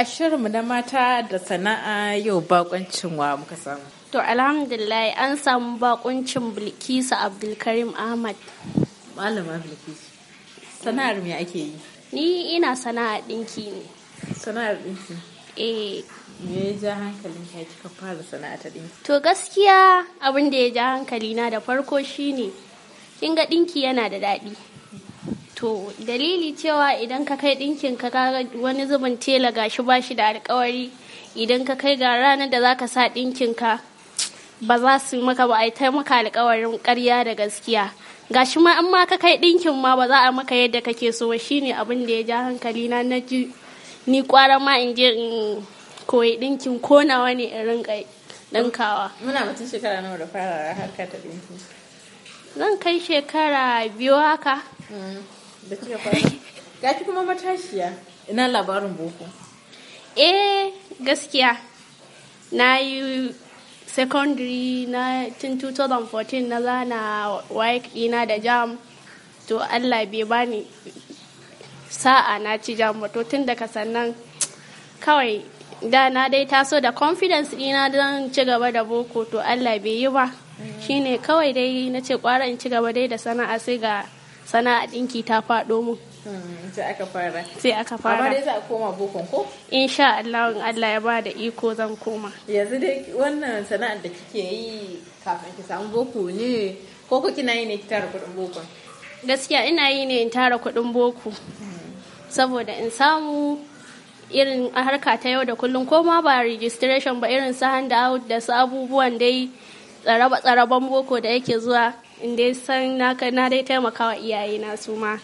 a shirinmu na mata da sana'a yau bakoncin wa muka samu. To alhamdulillah an samu bakuncin Bilkisu Abdulkarim Ahmad. Malama Bilkisu. Sana'ar me ake yi? Ni ina sana'a ɗinki ne. Sana'ar ɗinki? Eh. Me ya ja hankalin ka kika fara sana'a ta ɗinki? To gaskiya abin da ya ja hankali na da farko shine kin ga ɗinki yana da daɗi. To dalili cewa idan ka kai ɗinkin ka wani zubin tela gashi ba shi da alkawari idan ka kai ga ranar da za ka sa ɗinkin ka ba za su maka ba a yi maka alkawarin karya da gaskiya. Gashi ma an ma ka kai ɗinkin ma ba za a maka yadda kake so shine abin da ya ja hankali na na ji ni kwara ma in je in koyi ɗinkin ko nawa ne in rinka ɗinkawa. Muna mutum shekara nawa da fara harkar ta ɗinki. Zan kai shekara biyu haka. Mm. da fara kuma matashiya ina labarin boko eh gaskiya na yi secondary na tun 2014 na zana waik dina da jam to allah bai bani sa'a na ci jam to tun daga sannan kawai da na dai taso da confidence dina don ci gaba da boko to allah bai yi ba mm. shine kawai dai na ce kwara in ci gaba dai da sana'a sai ga sana'a dinki ta faɗo mun. Hmm, sai aka fara sai aka fara amma dai za a koma bokon ko insha Allah in Allah ya ba da iko zan koma yanzu dai wannan sana'ar da kike yi kafin ki samu boko ne ko ko kina yi ne ki tara kuɗin boko gaskiya ina yi ne in tara kuɗin boko saboda in samu irin harka ta yau da kullum ko ma ba registration ba irin su hand out da su abubuwan dai tsaraba-tsaraban boko da yake zuwa in dai san na na dai taimakawa iyaye na su ma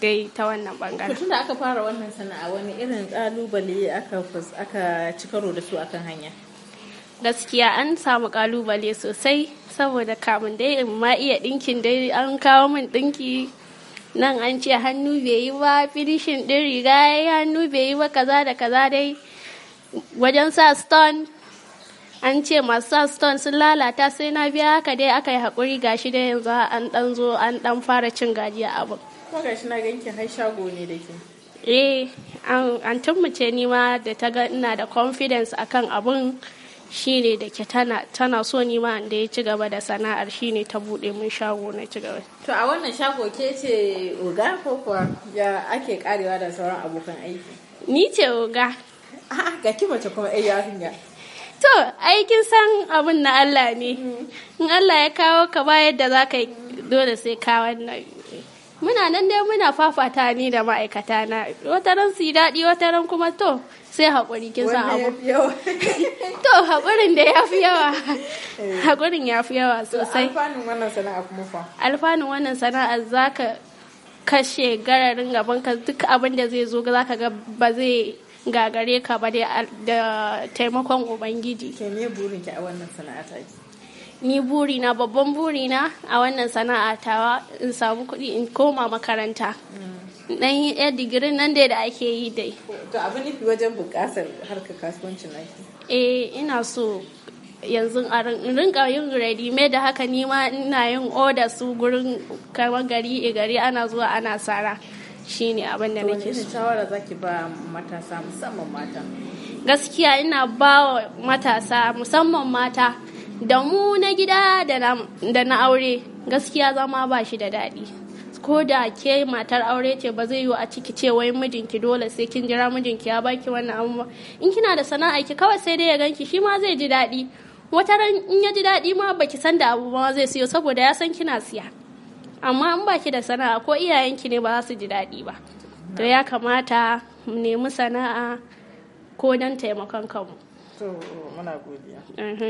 dai ta wannan bangaren. tunda aka fara wannan sana'a wani irin kalubale aka aka ci karo da su akan hanya. Gaskiya an samu kalubale sosai saboda kamun dai in ma iya dinkin dai an kawo min dinki nan an ce hannu bai yi ba finishin din riga ya hannu bai yi ba kaza da kaza dai wajen sa stone an ce masu sa stone sun lalata sai na biya haka dai aka yi haƙuri gashi dai yanzu an ɗan zo an ɗan fara cin gajiya abin. Ko gashi na ganki har shago ne da ke. Eh, an tummuce ni ma da ta ga ina da confidence akan abun shine da ke tana, tana so ni ma da ya ci gaba da sana'ar shine ta buɗe min shago na ci gaba. To a wannan shago ke ce oga ko kuwa ya ake karewa da sauran abokan aiki? Ni ce oga. Ah, ga ki mace kuma ai eh, yarinya. to aikin san abin na Allah ne in Allah ya kawo ka ba yadda za ka yi. dole sai ka wannan muna nan dai muna fafata ni da ma'aikata na wata ran su yi daɗi wata ran kuma to sai haƙuri kin san abu to haƙurin da ya fi yawa eh. haƙurin ya fi yawa sosai alfanun wannan sana'a kuma fa alfanun wannan sana'a za ka kashe gararin gaban ka duk abin da zai zo za ka ga ba zai gagare ka ba da taimakon ubangiji ke ne burin ki a wannan sana'a ta ni burina babban burina a wannan sana'a tawa in samu kuɗi in koma makaranta dan mm. yi ɗaya digirin nan dai da ake yi dai to abin nufi wajen bunƙasar harkar kasuwancin naki eh ina so yanzu a rinka yin ready me da haka nima ina yin oda su gurin kamar gari e gari ana zuwa ana sara shine abin da nake so shawara zaki ba matasa musamman mata gaskiya ina ba wa matasa musamman mata da mu na gida da na aure gaskiya zama ba shi da daɗi ko da ke matar aure ce ba zai yiwu a ciki ce wai mijinki dole sai kin jira mijinki ya baki wannan abu ba in kina da sana'a ki kawai sai dai ya ganki shi ma zai ji daɗi wata ran in ya ji daɗi ma baki san da abu ba zai siyo saboda ya san kina siya amma in ba ki da sana'a ko iyayenki ne ba za su ji daɗi ba to ya kamata mu nemi sana'a ko don taimakon kanmu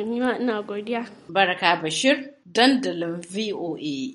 ina godiya baraka bashir dandalin voa